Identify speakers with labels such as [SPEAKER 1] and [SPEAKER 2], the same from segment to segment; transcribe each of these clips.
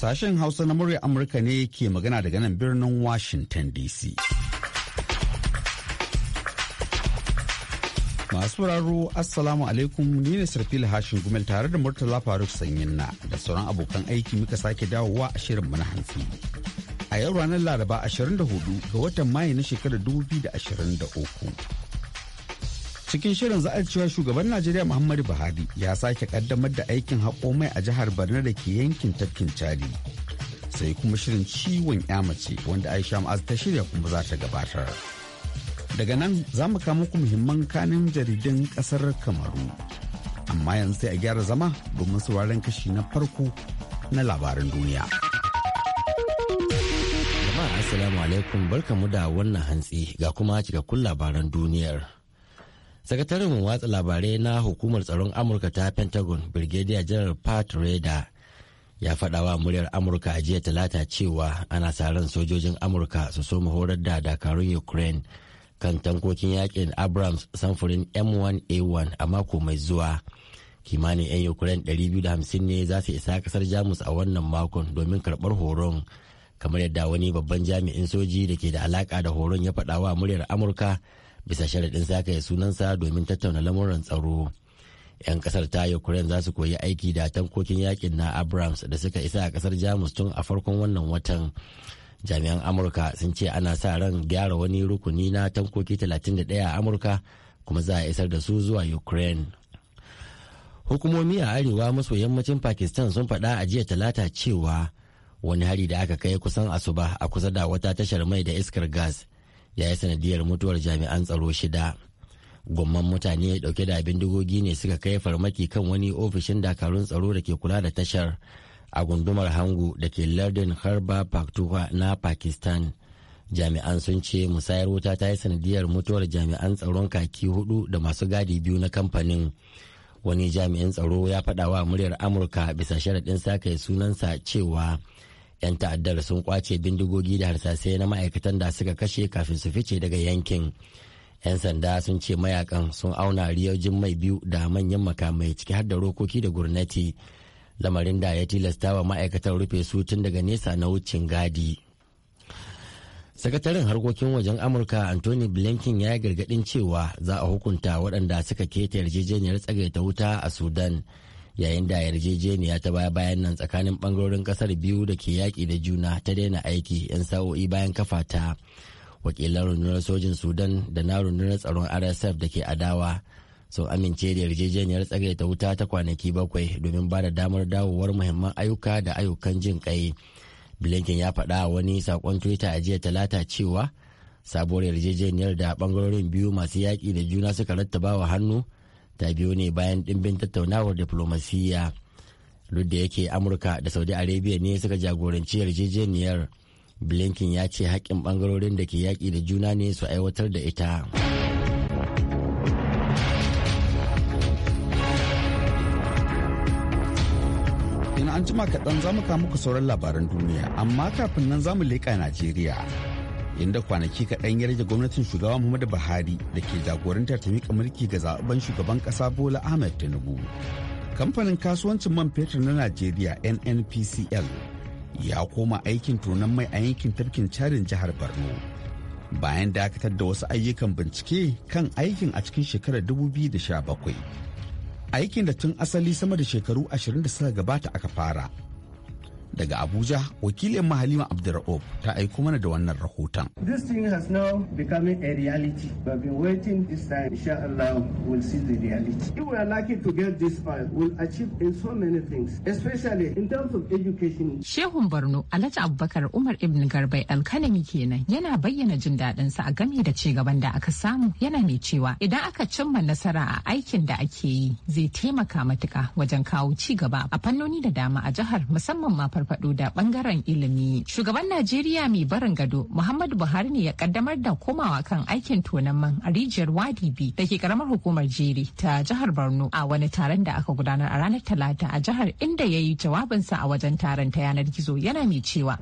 [SPEAKER 1] Sashen Hausa na murya Amurka ne ke magana daga nan birnin Washington DC. Masu raro Assalamu alaikum ni ne Sarfil Hashin Gumel tare da Murtala Faruk Sanyinna da sauran abokan aiki muka sake dawowa a shirin mana hantsi. A yau ranar Laraba 24 ga watan Mayu na shekarar 2023. cikin shirin za shugaban najeriya muhammadu buhari ya sake kaddamar da aikin haƙo mai a jihar borno da ke yankin tafkin chadi sai kuma shirin ciwon mace wanda aisha ma'az ta shirya kuma za ta gabatar daga nan za mu kama ku muhimman kanin jaridun ƙasar kamaru amma yanzu sai a gyara zama domin sauraron kashi na farko na labaran duniya assalamu alaikum barkamu da wannan
[SPEAKER 2] hantsi ga kuma cikakkun labaran duniyar sakataren watsa labarai na hukumar tsaron amurka ta pentagon brigadier general pat Reda ya faɗa wa muryar amurka a jiya talata cewa ana sa ran sojojin amurka su so horar da dakarun ukraine kan tankokin yakin abrams samfurin m1a1 a mako mai zuwa kimanin 'yan ukraine 250 ne za su isa kasar jamus a wannan makon domin karɓar horon kamar yadda wani babban jami'in soji da ke da alaka da horon ya faɗa wa muryar amurka bisa sharaɗin sakaye sunansa domin tattauna lamuran tsaro 'yan kasar ta ukraine za su koyi aiki da tankokin yakin na abrams da suka isa a kasar jamus tun a farkon wannan watan jami'an amurka sun ce ana sa ran gyara wani rukuni na tankoki 31 a amurka kuma za a isar da su zuwa ukraine hukumomi a arewa maso yammacin pakistan sun faɗa a jiya talata cewa wani hari da aka kai kusan asuba a kusa da wata tashar mai da iskar gas ya yi sanadiyar mutuwar jami'an tsaro shida gwamman mutane dauke da bindigogi ne suka kai farmaki kan wani ofishin dakarun tsaro da ke kula da tashar a gundumar hangu da ke lardin harba paktuwa na pakistan jami'an sun ce musayar wuta ta yi sanadiyar mutuwar jami'an tsaron kaki hudu da masu gadi biyu na kamfanin wani jami'in tsaro ya faɗawa muryar amurka bisa sharaɗin sa kai sunansa cewa 'yan ta'addar sun kwace bindigogi da harsasai na ma'aikatan da suka kashe kafin su fice daga yankin 'yan sanda sun ce mayakan sun auna riyojin mai biyu da manyan makamai ciki har da rokoki da gurnati lamarin da ya tilasta wa ma'aikatan rufe su tun daga nesa na wucin gadi sakataren harkokin wajen amurka anthony blinken ya yi gargadin cewa za a hukunta waɗanda suka keta yarjejeniyar tsagaita wuta a sudan yayin da yarjejeniya ta baya bayan nan tsakanin bangarorin kasar biyu da ke yaki da juna ta daina aiki 'yan sa'o'i bayan kafa ta wakilan rundunar sojin sudan da na rundunar tsaron rsf da ke adawa sun amince da yarjejeniyar ta wuta ta kwanaki bakwai domin ba da damar dawowar muhimman ayyuka da ayyukan jin kai blinken ya faɗa wani saƙon twitter a jiya talata cewa sabuwar yarjejeniyar da bangarorin biyu masu yaƙi da juna suka rattaba wa hannu ta biyo ne bayan ɗimbin tattaunawar diflomasiyya duk da yake amurka da saudi arabia ne suka jagoranci yarjejeniyar blinken ya ce haƙƙin ɓangarorin da ke yaƙi da juna ne su aiwatar da ita
[SPEAKER 1] in an jima kaɗan za mu kawo muku sauran labaran duniya amma kafin nan za mu leƙa najeriya inda kwanaki kaɗan ya rage gwamnatin shugaba muhammadu buhari da ke jagorantar ta miƙa mulki ga zaɓen shugaban ƙasa bola ahmed tinubu kamfanin kasuwancin man fetur na najeriya nnpcl ya koma aikin tonon mai a yankin tafkin carin jihar borno bayan dakatar da wasu ayyukan bincike kan aikin a cikin shekarar 2017 aikin da tun asali sama da shekaru ashirin da suka gabata aka fara Daga Abuja, wakilin Mahalima Abdurra'uf ta aiko mana da wannan rahoton. This thing has now becoming a reality. have been waiting this time. Inshallah, we'll see the reality. If we are lucky to get this oil, we'll achieve in so many things, especially in terms of education.
[SPEAKER 3] Shehun Borno, Alhaji Abubakar Umar Ibn Garbai alkanami kenan yana bayyana jin daɗin sa a game da ci gaban da aka samu yana mai cewa idan aka cimma nasara a aikin da ake yi zai taimaka matuka wajen kawo ci gaba a fannoni da dama a jihar musamman ma farfado da bangaren ilimi. Shugaban Najeriya mai barin gado Muhammadu Buhari ne ya kaddamar da komawa kan aikin tonan man a rijiyar Wadibi da ke karamar hukumar Jeri ta jihar Borno a wani taron da aka gudanar a ranar Talata a jihar inda ya yi jawabinsa a wajen taron ta yanar gizo yana mai cewa.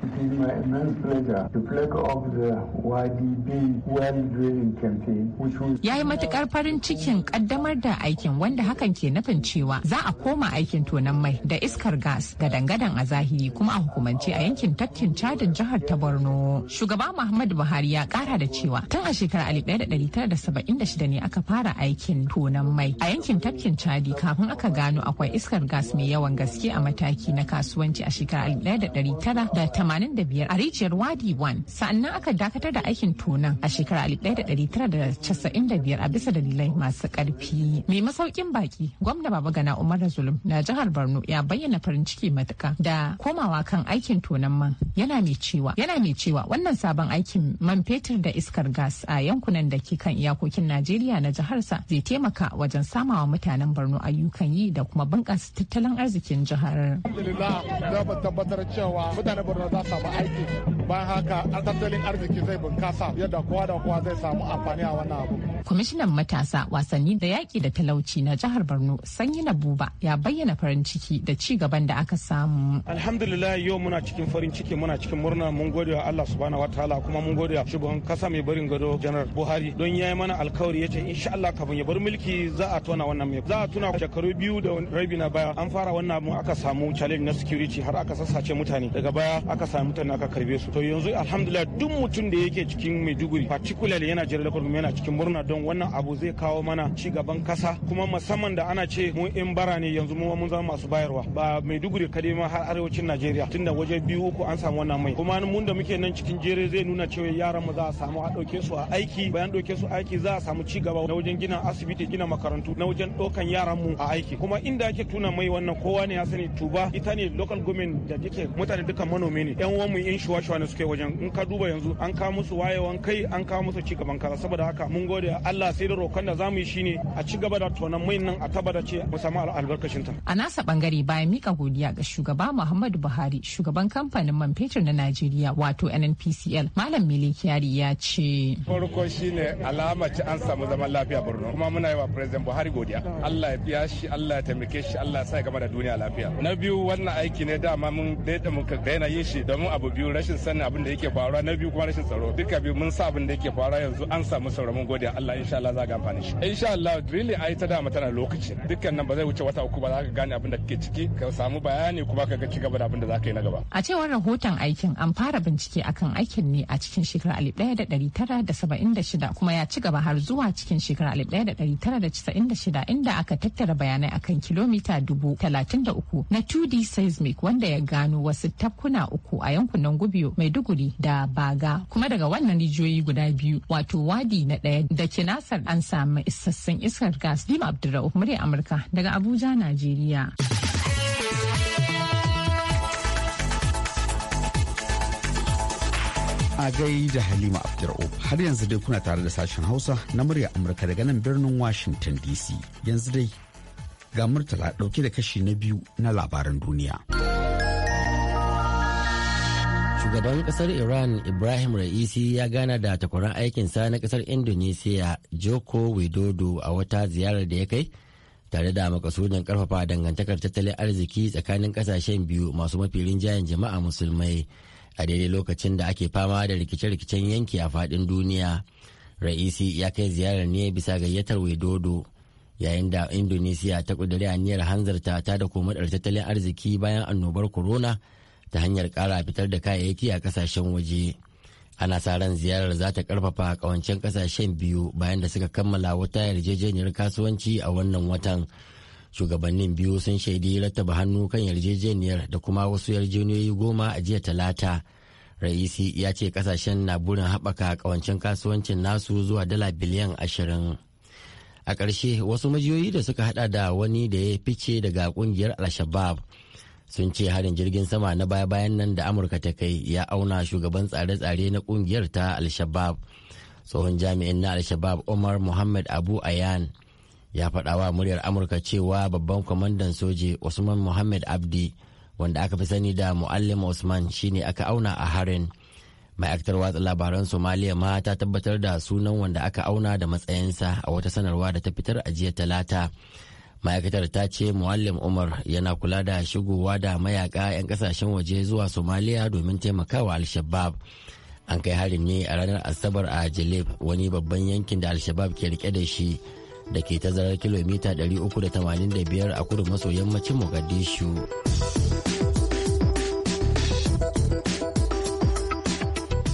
[SPEAKER 3] Ya yi matukar farin cikin kaddamar da aikin wanda hakan ke nufin cewa za a koma aikin tonan mai da iskar gas ga dangadan a zahiri kuma a hukumance a yankin tafkin cadin jihar ta borno shugaba muhammadu buhari ya kara da cewa tun a shekarar 1976 ne aka fara aikin tonan mai a yankin tafkin cadi kafin aka gano akwai iskar gas mai yawan gaske a mataki na kasuwanci a shekarar 1985 a rijiyar wadi 1 sa'annan aka dakatar da aikin tonan a shekarar 1995 a bisa dalilai masu karfi mai masaukin baki gwamna baba gana umar zulum na jihar borno ya bayyana farin ciki matuka da komawa kan aikin tonon man yana mai cewa yana mai cewa wannan sabon aikin man fetur da iskar gas a yankunan da ke kan iyakokin Najeriya na jiharsa zai taimaka wajen samawa mutanen Borno ayyukan yi da kuma bunƙasa tattalin arzikin jihar.
[SPEAKER 4] Alhamdulillah za tabbatar cewa mutanen Borno za su samu aiki bayan haka tattalin arziki zai bunkasa yadda kowa da kowa zai samu amfani a wannan abu.
[SPEAKER 3] kwamishinan matasa wasanni da yaƙi da talauci na jihar borno sanyi na buba ya bayyana farin ciki da ci gaban da aka samu
[SPEAKER 4] alhamdulillah yau muna cikin farin ciki muna cikin murna mun gode wa allah subhanahu ta'ala kuma mun gode wa shugaban kasa mai barin gado janar buhari don ya yi mana alkawari ya ce insha allah kafin ya bar mulki za a tona wannan mai za a tuna shekaru biyu da rabi na baya an fara wannan mu aka samu challenge na security har aka sassace mutane daga baya aka samu mutane aka karbe su to yanzu alhamdulillah duk mutum da yake cikin maiduguri particularly yana jere yana cikin murna don don wannan abu zai kawo mana ci gaban kasa kuma musamman da ana ce mu in bara ne yanzu mu mun zama masu bayarwa ba mai maiduguri kadai ma har arewacin najeriya tunda waje biyu uku an samu wannan mai kuma mun da muke nan cikin jere zai nuna cewa yaran mu za a samu a ɗauke su a aiki bayan ɗauke su aiki za a samu ci gaba na wajen gina asibiti gina makarantu na wajen ɗaukan yaran mu a aiki kuma inda ake tuna mai wannan kowa ne ya sani tuba ita ne local government da take mutane duka manomi ne yan uwan mu in shuwa shuwa ne suke wajen in ka duba yanzu an kawo musu wayewan kai an kawo musu ci gaban kasa saboda haka mun gode Allah sai da roƙon da zamu yi ne a ci gaba da tonan mai nan a tabbata ce mu samu albarkacin ta.
[SPEAKER 3] A nasa bangare bayan mika godiya ga shugaba Muhammadu Buhari shugaban kamfanin man fetur na Najeriya wato NNPCL Malam Mele Kyari ya ce. Farko
[SPEAKER 5] ne alama ce an samu zaman lafiya Borno kuma muna yi wa President Buhari godiya. Allah ya biya shi Allah ya taimake shi Allah ya sa ya gama da duniya lafiya. Na biyu wannan aiki ne dama mun mun muka daina yin shi domin abu biyu rashin sanin abin da yake faruwa na biyu kuma rashin tsaro duka biyu mun sa abin da yake faruwa yanzu an samu sauraron godiya. Allah. Allah insha Allah za ga amfani shi insha Allah really ai ta da tana lokaci dukkan nan ba zai wuce wata uku ba za ka gane abin da kake ciki ka samu bayani kuma ka ga cigaba da abin da za ka yi na gaba
[SPEAKER 3] a cewar rahoton aikin an fara bincike akan aikin ne a cikin shekarar 1976 kuma ya ci gaba har zuwa cikin shekarar 1996 inda aka tattara bayanai akan kilomita 33 na 2D seismic wanda ya gano wasu tafkuna uku a yankunan Gubiyo, Maiduguri da Baga kuma daga wannan rijiyoyi guda biyu wato wadi na ɗaya da kinasar an samu isassun iskar gas lima abdurra'uf murya amurka daga abuja najeriya
[SPEAKER 1] a gai da halima abdur'uf har yanzu dai kuna tare da sashen hausa na murya amurka daga nan birnin washington dc yanzu dai ga murtala dauke da kashi na biyu na labaran duniya.
[SPEAKER 2] Shugaban kasar Iran Ibrahim Ra'isi ya gana da takwaran sa na kasar Indonesia Joko Widodo a wata ziyarar da ya kai tare da makasudin karfafa dangantakar tattalin arziki tsakanin kasashen biyu masu mafi rinjayen jama'a musulmai a daidai lokacin da ake fama da rikice-rikicen yanki a fadin duniya. Ra'isi ya kai ziyarar ne bisa gayyatar Widodo. yayin da indonesiya ta a aniyar hanzarta ta da komadar tattalin arziki bayan annobar corona ta hanyar ƙara fitar da kayayyaki a ƙasashen waje ana sa ran ziyarar za ta karfafa kawancen ƙasashen biyu bayan da suka kammala wata yarjejeniyar kasuwanci a wannan watan shugabannin biyu sun shaidi rattaba hannu kan yarjejeniyar da kuma wasu yarjejeniyoyi goma a jiya talata raisi ya ce kasashen na burin haɓaka kawancen kasuwancin nasu zuwa dala biliyan ashirin a ƙarshe wasu majiyoyi da suka haɗa da wani da ya fice daga ƙungiyar al-shabab sun ce harin jirgin sama na baya-bayan nan da amurka ta kai ya auna shugaban tsare-tsare na kungiyar ta al-shabab tsohon jami'in na al-shabab omar muhammad abu ayan ya faɗawa muryar amurka cewa babban kwamandan soje usman muhammad abdi wanda aka fi sani da muallim usman shine aka auna a harin ma'aikatar watsa labaran somaliya ma ta tabbatar da sunan wanda aka auna da matsayinsa a wata sanarwa da ta fitar a jiya talata ma'aikatar ta ce muallim umar yana kula da shigowa da mayaka 'yan kasashen waje zuwa somaliya domin taimakawa alshabab an kai harin ne a ranar asabar a jalib wani babban yankin da alshabab ke rike da shi da ke tazarar kilomita 385
[SPEAKER 1] a kudu maso yammacin mogadishu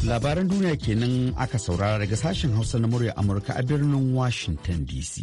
[SPEAKER 1] labaran duniya kenan aka saurara daga sashen hausa na murya amurka a birnin washington dc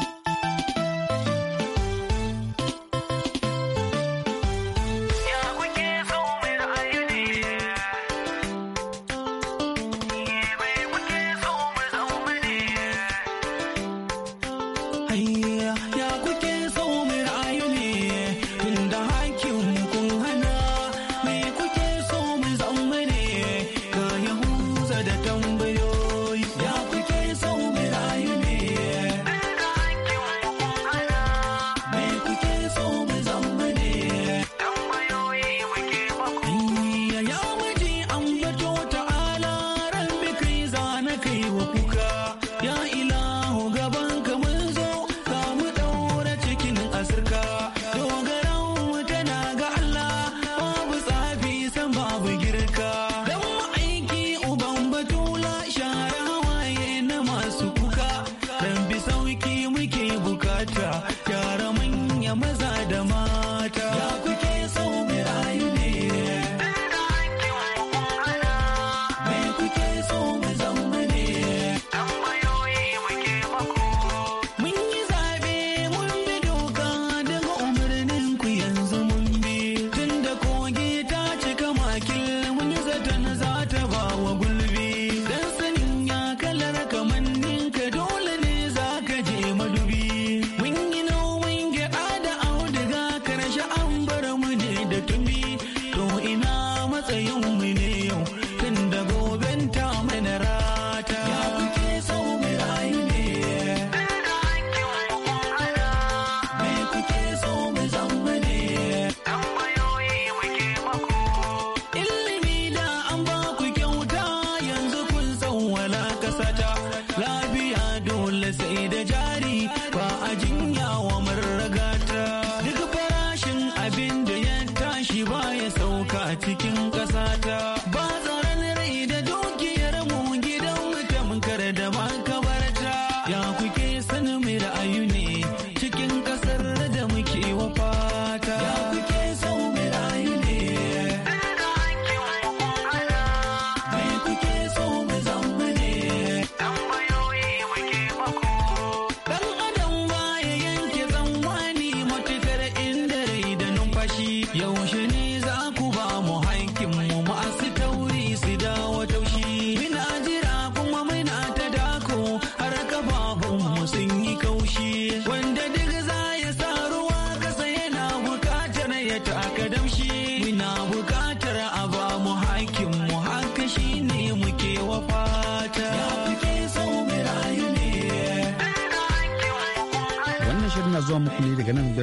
[SPEAKER 6] 有些。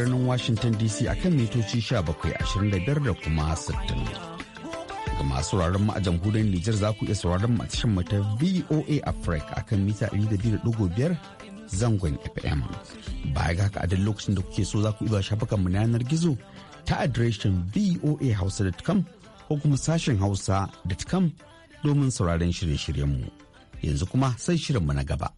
[SPEAKER 1] birnin Washington DC akan mitoci 1725 da kuma 60. Ga masu sauraron mu a jamhuriyar Nijar za ku iya sauraron mu a cikin mata VOA Africa akan mita 200.5 zangon FM. Baya ga haka a duk lokacin da kuke so za ku iya shafukan mu na yanar gizo ta adireshin voahausa.com ko kuma sashen hausa.com domin sauraron shirye-shiryenmu. Yanzu kuma sai shirinmu na gaba.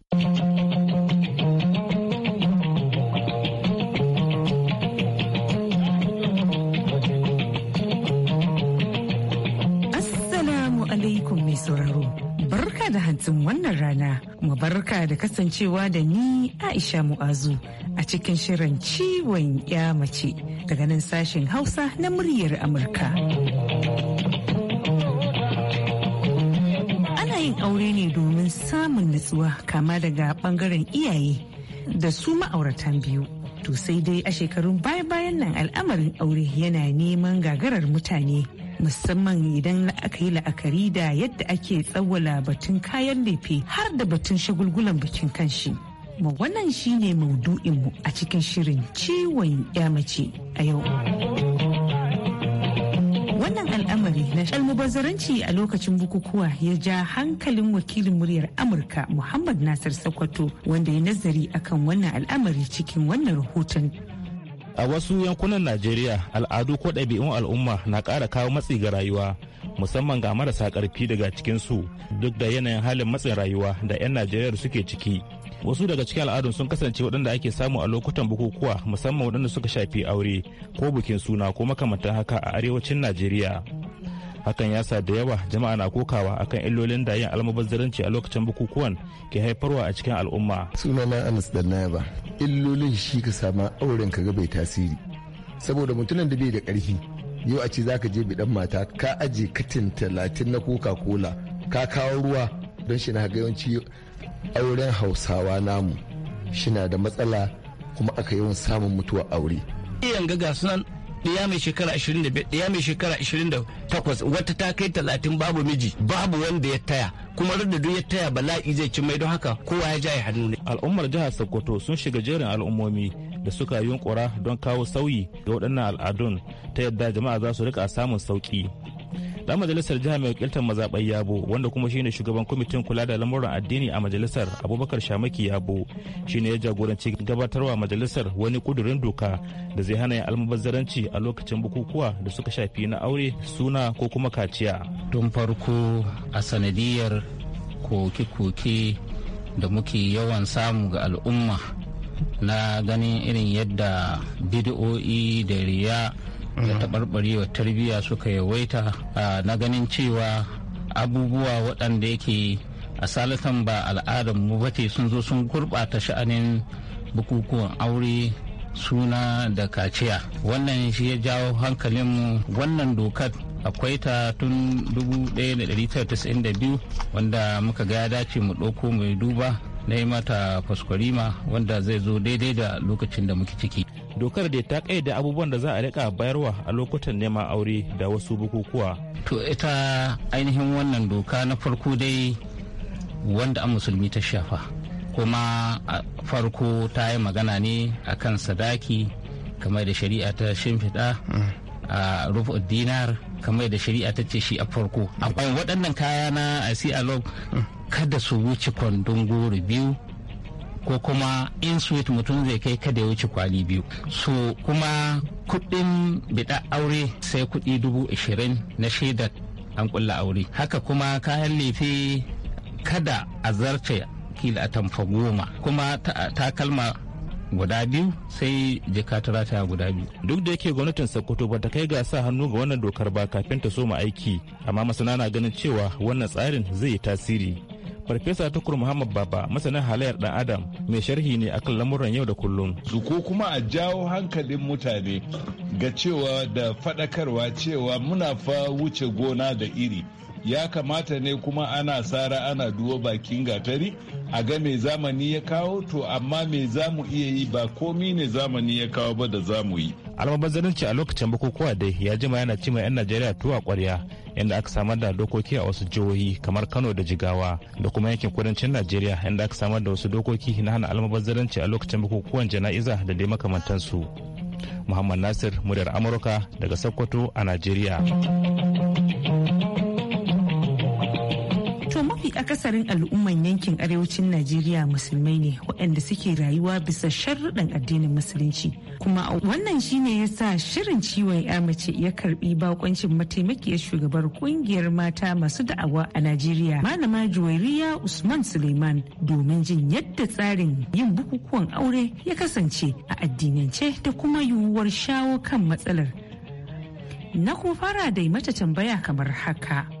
[SPEAKER 7] albarkacin wannan rana mu barka da kasancewa da ni aisha mu'azu a cikin shirin ciwon ya mace daga nan sashen hausa na muryar amurka ana yin aure ne domin samun nutsuwa kama daga bangaren iyaye da su ma'auratan biyu to sai dai a shekarun baya-bayan nan al'amarin aure yana neman gagarar mutane musamman idan aka yi la'akari da yadda ake tsawwala batun kayan lefe har da batun shagulgulan bikin kanshi. Ma wannan shine mu a cikin shirin ciwon mace a yau. wannan al'amari na almubazzaranci a lokacin bukukuwa ya ja hankalin wakilin muryar amurka muhammad nasir sokoto wanda ya nazari akan wannan al'amari cikin wannan rahoton
[SPEAKER 5] a wasu yankunan najeriya al'adu ko ɗabi'un al'umma na ƙara kawo matsi ga rayuwa musamman ga marasa ƙarfi daga cikinsu duk da yanayin halin matsin rayuwa da 'yan najeriya suke ciki wasu daga cikin al'adun sun kasance waɗanda ake samu a lokutan bukukuwa musamman waɗanda suka shafi aure ko bukin suna ko makamantan haka a arewacin najeriya hakan ya sa da yawa jama'a na kokawa akan illolin da yin almubazzaranci a lokacin bukukuwan ke haifarwa a cikin al'umma sunana anas da ba illolin shi ka sama auren ka ga bai tasiri saboda mutumin da bai da karfi yau a ce zaka je bidan mata ka aje katin talatin na koka-kola ka kawo ruwa don shi na
[SPEAKER 1] yawanci auren hausawa namu shi na da matsala kuma aka yawan samun mutuwa aure
[SPEAKER 8] iyan gaga sunan ɗaya mai shekara 25 ɗaya mai shekara 28 wata ta kai talatin babu miji babu wanda ya taya kuma da duk ya taya
[SPEAKER 5] bala'i zai ci mai don haka kowa ya jaye hannu ne al'ummar jihar sokoto sun shiga jerin al'ummomi da suka yunkura don kawo sauyi ga waɗannan al'adun ta yadda jama'a za su rika samun sauki dan majalisar jiha mai wakiltar mazaɓar yabo wanda kuma shine shugaban kwamitin kula da lamuran addini a majalisar abubakar shamaki yabo shine ya jagoranci gabatarwa majalisar wani kudurin doka da zai hana yin almubazzaranci a lokacin bukukuwa da suka shafi na aure suna ko kuma kaciya
[SPEAKER 8] tun farko a sanadiyar koke-koke da muke yawan samu ga al'umma na ganin irin yadda bid'o'i da riya da taɓarɓarewa tarbiyya suka yawaita na ganin cewa abubuwa waɗanda yake a salatan ba al'adar mu bace sun zo sun gurɓata sha'anin bukukuwan aure suna da kaciya wannan shi ya jawo hankalinmu wannan dokar akwai ta tun 1992 wanda muka ga ya dace mu ɗauko mai duba na yi mata faskwarima. wanda zai zo daidai da lokacin da muke ciki dokar da ta kaida abubuwan da za a rika bayarwa a lokutan neman aure da wasu bukukuwa to ita ainihin wannan doka na farko dai wanda a musulmi ta shafa kuma a farko ta yi magana ne akan sadaki kamar da shari'a ta shimfiɗa a rufe dinar kamar da shari'a ta ce shi a farko a waɗannan kaya na a mm. kada su wuce kwandon goro biyu ko kuma in suit mutum zai kai kada ya wuce kwali biyu so kuma kuɗin bida aure sai kuɗi dubu ashirin na shaidar an kulla aure haka kuma kayan lefe kada a zarce kila a tamfa goma kuma takalma guda biyu sai jika ta guda biyu. Duk da yake gwamnatin Sokoto ba ta kai ga sa hannu ga wannan dokar ba
[SPEAKER 5] kafin ta soma aiki, amma masana na ganin cewa wannan tsarin zai yi tasiri. farfesa tukur muhammad baba masanin halayyar dan adam mai sharhi ne akan lamuran yau da kullum su ko kuma a jawo hankalin mutane ga cewa da fadakarwa cewa muna fa wuce gona da iri ya kamata ne kuma ana sara ana duwa bakin gatari a ga mai zamani ya kawo to amma mai zamu iya yi ba komi ne zamani ya kawo ba da zamu yi almabazzaranci a lokacin bukukuwa dai ya jima yana cima 'yan najeriya tuwa kwarya inda aka samar da dokoki a wasu jihohi kamar kano da jigawa da kuma yankin kudancin najeriya inda aka samar da wasu dokoki na hana almabazzaranci a lokacin bukukuwan jana'iza da dai makamantansu muhammad nasir muryar amurka daga sokoto a najeriya
[SPEAKER 7] akasarin al'umman yankin arewacin najeriya musulmai ne waɗanda suke rayuwa bisa sharruɗan addinin musulunci kuma wannan shine ya sa shirin ciwon ya mace ya karbi bakoncin mataimakiyar shugabar kungiyar mata masu da'awa a najeriya malama juwairiya usman suleiman domin jin yadda tsarin yin bukukuwan aure ya kasance a addinance da kuma yiwuwar shawo kan matsalar na kuma fara da mata tambaya kamar haka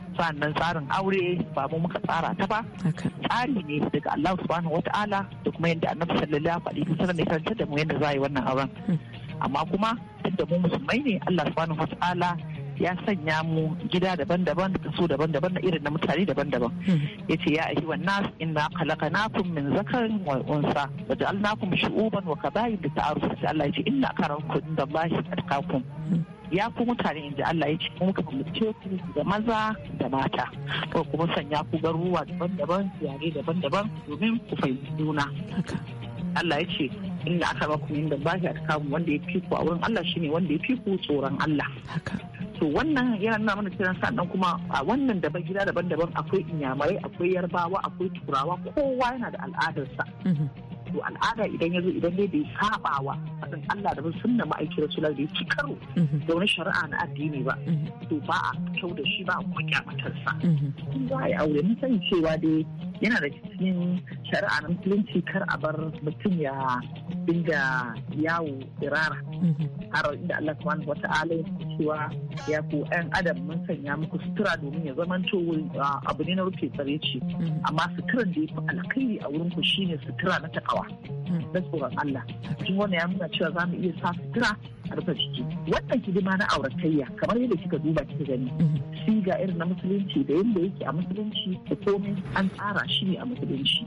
[SPEAKER 9] sannan tsarin aure ba mu muka tsara ta ba tsari ne daga Allah subhanahu wata'ala da kuma yadda annabi sallallahu alaihi wasallam ya karantar da mu yadda za a yi wannan auren hmm. amma kuma duk da mu musulmai ne Allah subhanahu wata'ala ya sanya mu gida daban-daban kaso daban-daban na irin na mutane daban-daban hmm. ya ce ya ahi nas inna khalaqnakum min zakarin wa unsa wa ja'alnakum shu'uban wa qabail li ta'arufu Allah ya ce inna akramkum indallahi atqakum hmm. ya ku mutane inda Allah ya ce muka halice ku da maza da mata ko kuma sanya ku garuruwa daban-daban yare daban-daban domin ku fahimci juna Allah ya ce inda aka ba ku inda ba ya kawo wanda ya fi ku a wurin Allah shine wanda ya fi ku tsoron Allah. To wannan yana nuna mana cewa sannan kuma a wannan daban gida daban-daban akwai inyamurai akwai yarbawa akwai turawa kowa yana da al'adarsa. Mm-hmm. to al'ada idan ya zo idan dai bai saba wa faɗin Allah da sunna ma'aikin rasulullah da ya ci karo mhm. da wani shari'a na addini ba mhm. to ba a kyau da shi ba a kuma kyamatarsa. Mhm. Kun za a yi aure mun sani cewa dai yana da cikin shari'a na musulunci kar a bar mutum ya dinga yawo irara har inda Allah subhanahu wa ta'ala ya cewa ya ku ɗan adam mun sanya muku sutura domin ya zama to abu ne na rufe tsare ce amma suturan da ya fi alkhairi a wurin ku shine sutura na takawa na tsoron Allah kin wannan ya nuna cewa za mu iya sa sutura a rufe ciki wannan hidima na auratayya kamar yadda kika duba kika gani siga irin na musulunci da yadda yake a musulunci da komai an tsara shi ne a musulunci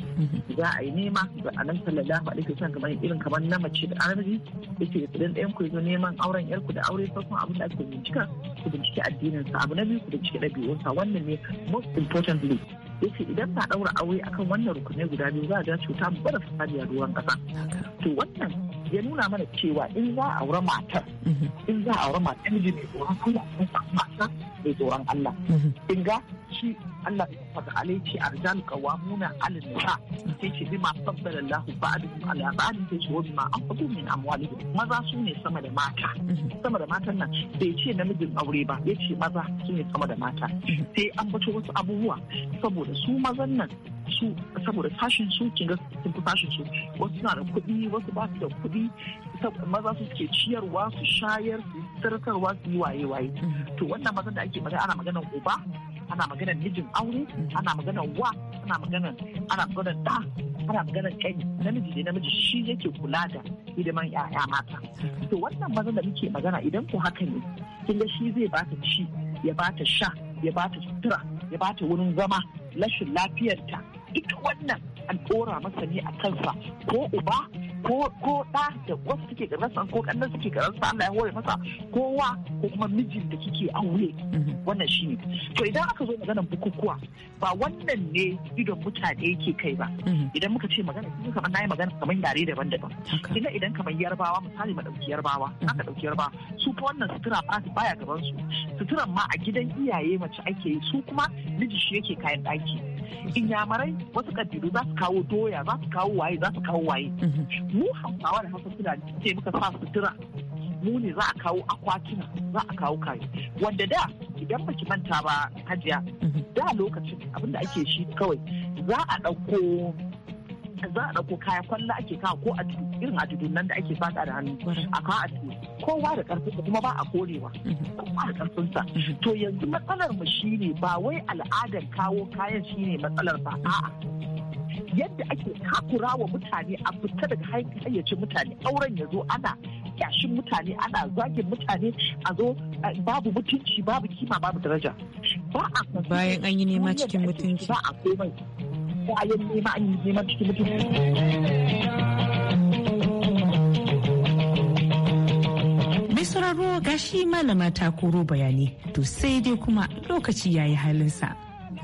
[SPEAKER 9] za a yi nema da anan sallallahu alaihi wasallam kamar irin kamar na mace da arziki yake da dan ɗayan ku neman auren yarku da aure kuma abin da ake bincika ku bincike addinin sa abu na biyu ku bincike sa wannan ne most importantly yace idan ta ɗaura aure akan wannan rukunai guda biyu za a ja cuta bada fasadiya ruwan ƙasa to wannan ya nuna mana cewa in za a aure matar in za a aure matar miji mai tsoron Allah ko mata mai tsoron Allah in ga shi Allah a rijal kawa muna alin nisa sai ce bima faddala Allahu ba'dhum 'ala ba'dhin sai ce ma an anfaqu min amwali maza su ne sama da mata sama da matan nan bai ce namijin aure ba ya ce maza su ne sama da mata sai an bace wasu abubuwa saboda su mazan nan su saboda fashin su kin ga sun fi fashin su wasu na da kuɗi wasu ba su da kuɗi maza su suke ciyarwa su shayar su sarkarwa su yi waye waye to wannan maza da ake magana ana magana uba ana maganar mijin aure ana maganar wa ana maganar ana maganar da ana maganar kai namiji ne namiji shi yake kula da hidiman ya'ya mata to wannan maza da muke magana idan ko haka ne kin ga shi zai bata ci ya bata sha ya bata sutura ya bata wurin zama rashin lafiyarta ita wannan an masani masa ne a kansa ko uba ko ko da da wasu suke karansa ko kannan suke karansa Allah ya hore masa kowa ko kuma mijin da kike aure mhm. wannan shi ne. to idan aka zo maganar bukukuwa ba wannan ne idon mutane yake kai ba mhm. idan muka ce magana kuma kamar nayi magana kamar yare daban-daban Ina idan kamar yarbawa misali madauki yarbawa mhm. aka dauki yarbawa su fa wannan sutura ba baya gaban su suturan ma a gidan iyaye mace ake yi su kuma miji shi yake kayan daki inyamurai wasu kabilu za su kawo doya za su kawo waye za su kawo waye mu hausawa da hausa suna ce muka sa sutura mu ne za a kawo akwatuna za a kawo kayo wanda da idan baki manta ba hajiya mhm. da lokacin abinda ake shi kawai za a ɗauko za a ɗauko kaya kwallo ake kawo ko a irin adudun nan da ake fada da hannu a kawo a tudu kowa da ƙarfinsa kuma ba a korewa mhm. kowa da ƙarfinsa mhm. to yanzu matsalar mu shine ba wai al'adar kawo kayan shine matsalar ba a'a yadda ake hakura wa mutane a fita daga hayyacin mutane auren ya zo ana kyashin mutane ana zagin mutane a zo babu mutunci babu kima babu daraja
[SPEAKER 7] ba a bayan an yi nema cikin mutunci ba a komai yi nema an yi nema cikin mutunci Mai sauraro gashi malama ta koro bayani to sai dai kuma lokaci ya halin halinsa.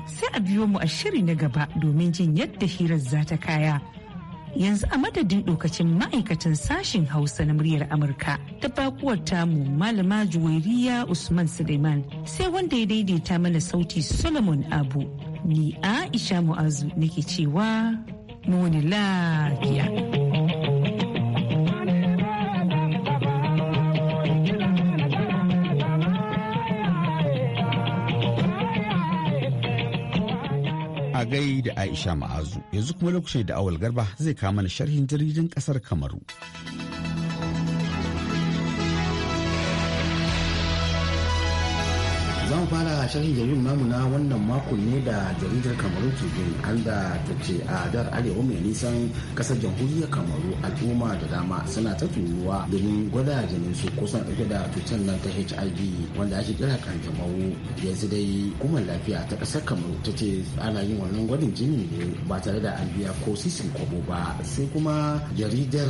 [SPEAKER 7] sai a biyo mu a shiri na gaba domin jin yadda hirar za ta kaya. Yanzu a madadin ɗokacin ma'aikatan sashen Hausa na muryar Amurka ta bakuwar tamu Malama Juwairiya Usman Suleiman sai wanda ya daidaita mana sauti Solomon Abu. Ni Aisha Mu'azu nake cewa mu lafiya.
[SPEAKER 1] gai da Aisha Ma'azu. Yanzu kuma lokacin da awal garba zai kama na sharhin jaridin kasar Kamaru. zamu
[SPEAKER 10] fara sharhin jaridun namu na wannan makon ne da jaridar kamaru tribune an da ta ce a dar arewa mai nisan kasar jamhuriyar kamaru al'umma da dama suna ta tunuwa domin gwada jinin su kusan ɗauke da cutar nan ta hiv wanda ake kira kanjamau yanzu dai hukumar lafiya ta kasar kamaru ta ce ana yin wannan gwadin jini ne ba tare da an ko sisin kwabo ba sai kuma jaridar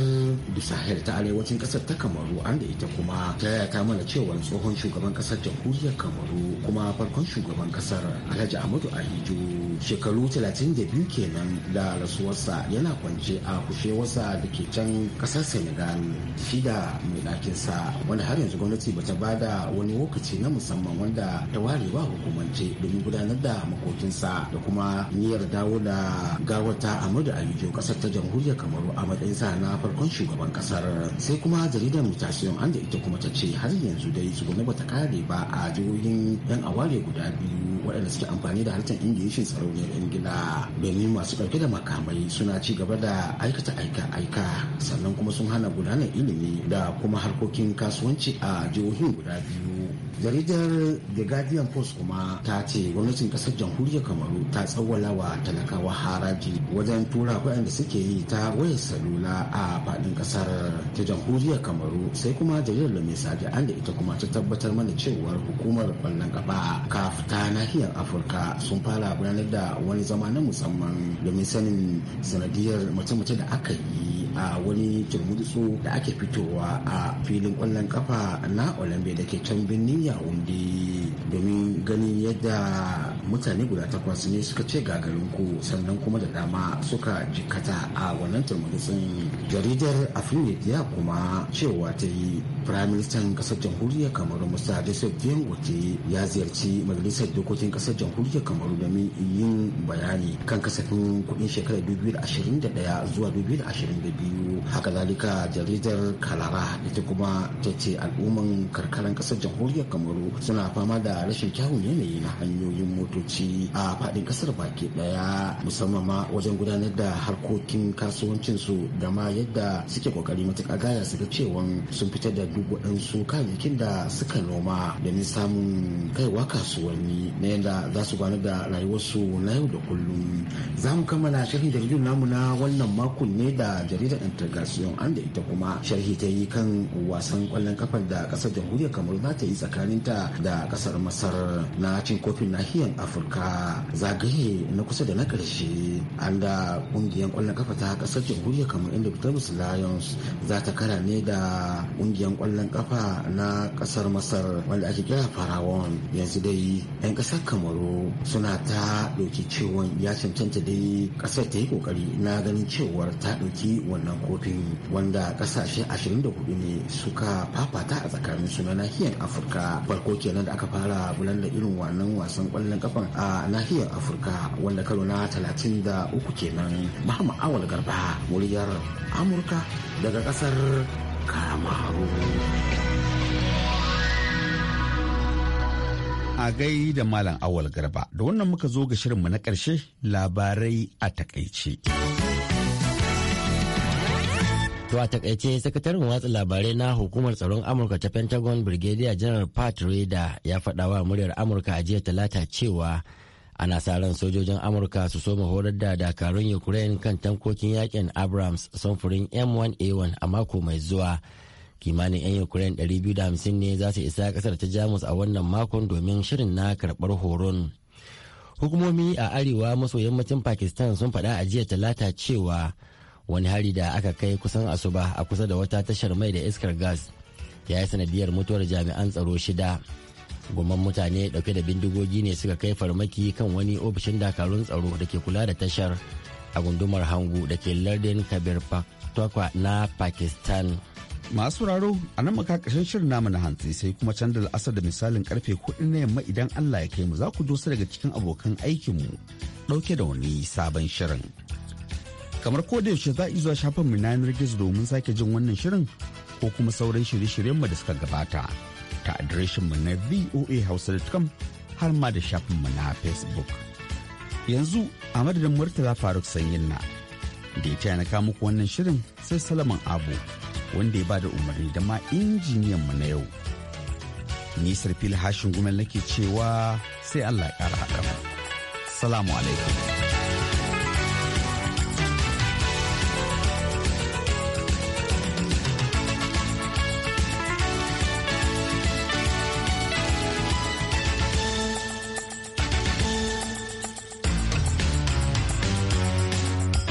[SPEAKER 10] dusahel ta arewacin ƙasar ta kamaru an da ita kuma ta yaya ta mana cewa tsohon shugaban ƙasar jamhuriyar kamaru kuma farkon shugaban kasar alhaji Amadu ahijo shekaru 32 kenan da rasuwarsa yana kwance a kushewarsa da ke can kasar senegal shi da mai ɗakinsa wani har yanzu gwamnati ba ta bada wani lokaci na musamman wanda ta ware ba hukumance domin gudanar da makokinsa da kuma niyyar dawo da gawata Amadu ahijo kasar ta jamhuriyar kamaru a matsayinsa na farkon shugaban kasar sai kuma jaridar mutasiyon an da ita kuma ta ce har yanzu dai gwamnati ba ta kare ba a jihohin a ware guda biyu waɗanda suke amfani da harshen ingilishin sarauniyar ingila domin masu ɗauke da makamai suna ci gaba da aikata aika aika sannan kuma sun hana gudanar ilimi da kuma harkokin kasuwanci a jihohin guda biyu jaridar the guardian post kuma ta ce gwamnatin kasar jamhuriyar kamaru ta tsawwala wa talakawa haraji wajen tura kuɗin da suke yi ta wayar salula a faɗin kasar ta jamhuriyar kamaru sai kuma jaridar mai sage an da ita kuma ta tabbatar mana cewar hukumar kwallon kafa kaf ta nahiyar afirka sun fara gudanar da wani zama na musamman domin sanin sanadiyar mace-mace da aka yi a wani turmutsu da ake fitowa a filin kwallon kafa na olambe da ke can birnin wunde domin ganin yadda mutane guda takwas ne suka ce gagarin ku sannan kuma da dama suka jikata a wannan turmutsin jaridar afirka ya kuma cewa ta yi firaministan kasar jamhuriyar kamaru musa joseph diangote ya ziyarci majalisar dokokin kasar jamhuriyar kamaru domin yin bayani kan kasafin kudin shekarar 2021 zuwa biyu. haka zalika jaridar kalara ita kuma ta ce al'umman karkaran kasar jamhuriyar kamaru suna fama da rashin kyawun yanayi na hanyoyin mota motoci a faɗin kasar baki ɗaya musamman ma wajen gudanar da harkokin kasuwancinsu da ma yadda suke kokari matuƙa gaya su ga cewa sun fitar da duk waɗansu kayayyakin da suka noma domin samun kaiwa kasuwanni na yadda za su gudanar da rayuwarsu na yau da kullum za mu kammala sharhin jaridu namu na wannan makon ne da jaridar intergation an da ita kuma sharhi ta yi kan wasan kwallon kafar da kasar jamhuriyar kamaru za ta yi tsakaninta da ƙasar masar na cin kofin nahiyar afirka zagaye na kusa da na karshe an da kungiyar kwallon kafa ta kasar jamhuriyar kamar inda bitabus lions za ta kara ne da kungiyar kwallon kafa na kasar masar wanda ake kira farawon yanzu dai yan kasar kamaru suna ta ɗauki cewa ya cancanta dai kasar ta yi kokari na ganin cewar ta ɗauki wannan kofin wanda kasashe 24 ne suka fafata a tsakanin su na nahiyar afirka farko kenan da aka fara bulan da irin wannan wasan kwallon kafa kafan a nahiyar afirka wanda karo na 33 kenan muhammad awal garba muryar amurka daga kasar kamaru
[SPEAKER 1] a gai da malam awal garba da wannan muka zo ga shirinmu na ƙarshe labarai a takaice. To a takaice sakataren watsa labarai na
[SPEAKER 2] hukumar tsaron Amurka ta Pentagon Brigadier General Pat reeder ya faɗa wa muryar Amurka a jiya talata cewa ana sa ran sojojin Amurka su soma horar da dakarun Ukraine kan tankokin yakin Abrams samfurin M1A1 a mako mai zuwa. Kimanin 'yan Ukraine 250 ne za su isa kasar ta Jamus a wannan makon domin shirin na karɓar horon. Hukumomi a arewa maso yammacin Pakistan sun faɗa a jiya talata cewa wani hari da aka kai kusan asuba a kusa da wata tashar mai da iskar gas ya yi sanadiyar mutuwar jami'an tsaro shida gumman mutane dauke da bindigogi ne suka kai farmaki kan wani ofishin dakarun tsaro da ke kula da tashar a gundumar
[SPEAKER 1] hangu da ke lardin kabir pakwa na pakistan masu raro a nan maka kashin shirin namu na hantsi sai kuma canza da la'asar da misalin karfe kuɗi na yamma idan allah ya kai mu za ku dosa daga cikin abokan aikinmu dauke da wani sabon shirin kamar ko da yaushe za a zuwa shafin mu na yanar gizo domin sake jin wannan shirin ko kuma sauran shirye-shiryen mu da suka gabata ta adireshin mu na voahausa.com har ma da shafin mu na facebook yanzu a madadin murtala faruk sanyin na da ya na kawo muku wannan shirin sai salaman abu wanda ya bada umarni da ma injiniyan mu na yau nisar sarfil hashin gumel nake cewa sai allah ya kara haɗa salamu alaikum